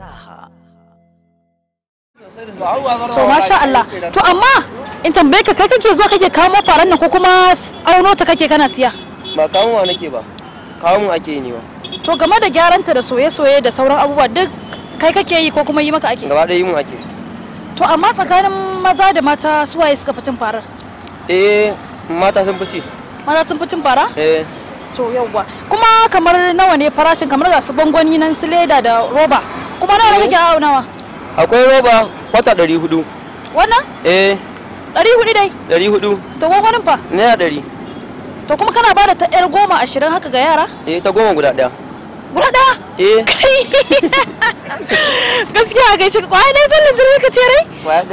fasaha to masha Allah to amma in tambaye ka kai kake zuwa kake kamo faran nan ko kuma auno ta kake kana siya ba wa nake ba mun ake ni ba to game da gyaranta da soye-soye da sauran abubuwa duk kai kake yi ko kuma yi maka ake gaba ɗaya yi mun ake to amma tsakanin maza da mata su waye suka fi cin fara? eh mata sun fi ci maza sun fi cin fara eh to yauwa. kuma kamar nawa ne farashin kamar ga su nan su leda da roba kuma nawa kake hawa nawa akwai roba kwata 400 hudu wannan eh 400 hudu dai 400 hudu to gwangwanin fa naira ɗari to kuma kana bada ta yar goma ashirin haka ga yara eh ta goma guda ɗaya guda ɗaya eh gaskiya ga shi kwaya ne jallin jirgin ka ce rai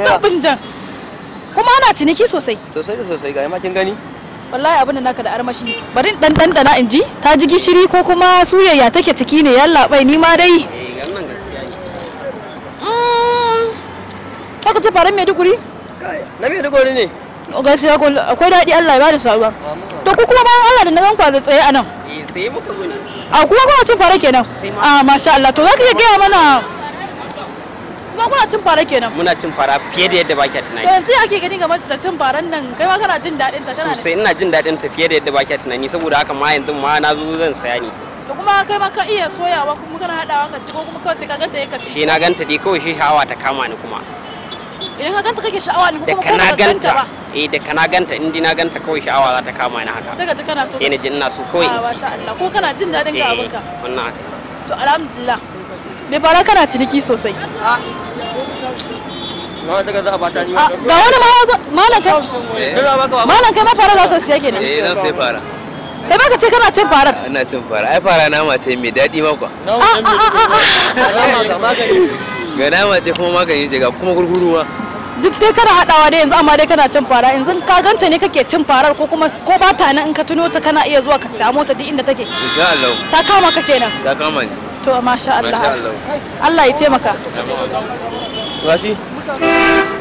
tabbin kuma ana ciniki sosai sosai da sosai ga kin gani wallahi abin da naka da armashi bari dan dan dana in ji ta ji gishiri ko kuma suyayya take ciki ne yalla bai ni ma dai faran Maiduguri? Na Maiduguri ne. Oh, Gaskiya akwai daɗi Allah ya bada sabuwa. To ku kuma bayan Allah da na ganku da tsaye a nan. Eh sai muka A kuma kuna cin fara kenan. A ah, masha Allah to za ka iya gaya mana kuma kuna cin fara kenan. Muna cin fara fiye da yadda baki tunani. To yanzu ake gani game da cin faran nan kai ma kana jin daɗin ta kana. Sosai ina jin daɗin ta fiye da yadda baki tunani saboda haka ma yanzu ma na zo zan saya ne. da kuma kai ma ka iya soyawa kuma kana haɗawa ka ci ko kuma kawai sai ka ganta ka ci. Ke na ganta dai kawai shi hawa ta kama ni kuma. idan ka ganta kake sha'awa ne kuma kana ganta ba eh da kana ganta in na ganta kawai sha'awa za ta kama ni haka sai ka ta kana so eh jin ina so kawai ah, ma sha Allah ko kana jin dadin ga eh, abin ka wannan haka to alhamdulillah me fara kana ciniki sosai ah. ah, ga wani malam kai eh. malam kai ma fara da ka siya ne eh zan sai fara kai baka ce kana cin farar ina cin fara ai fara nama ce mai daɗi kwa ga nama ce kuma magani ce ga kuma gurguruwa ma duk dai kana hadawa dai yanzu amma dai kana cin fara yanzu ka ganta ne kake cin farar ko kuma ko ba ta nan in ka tuno ta kana iya zuwa ka samu ta duk inda take insha Allah ta kama ka kenan ta kama ni to masha Allah Allah ya taimaka Rashi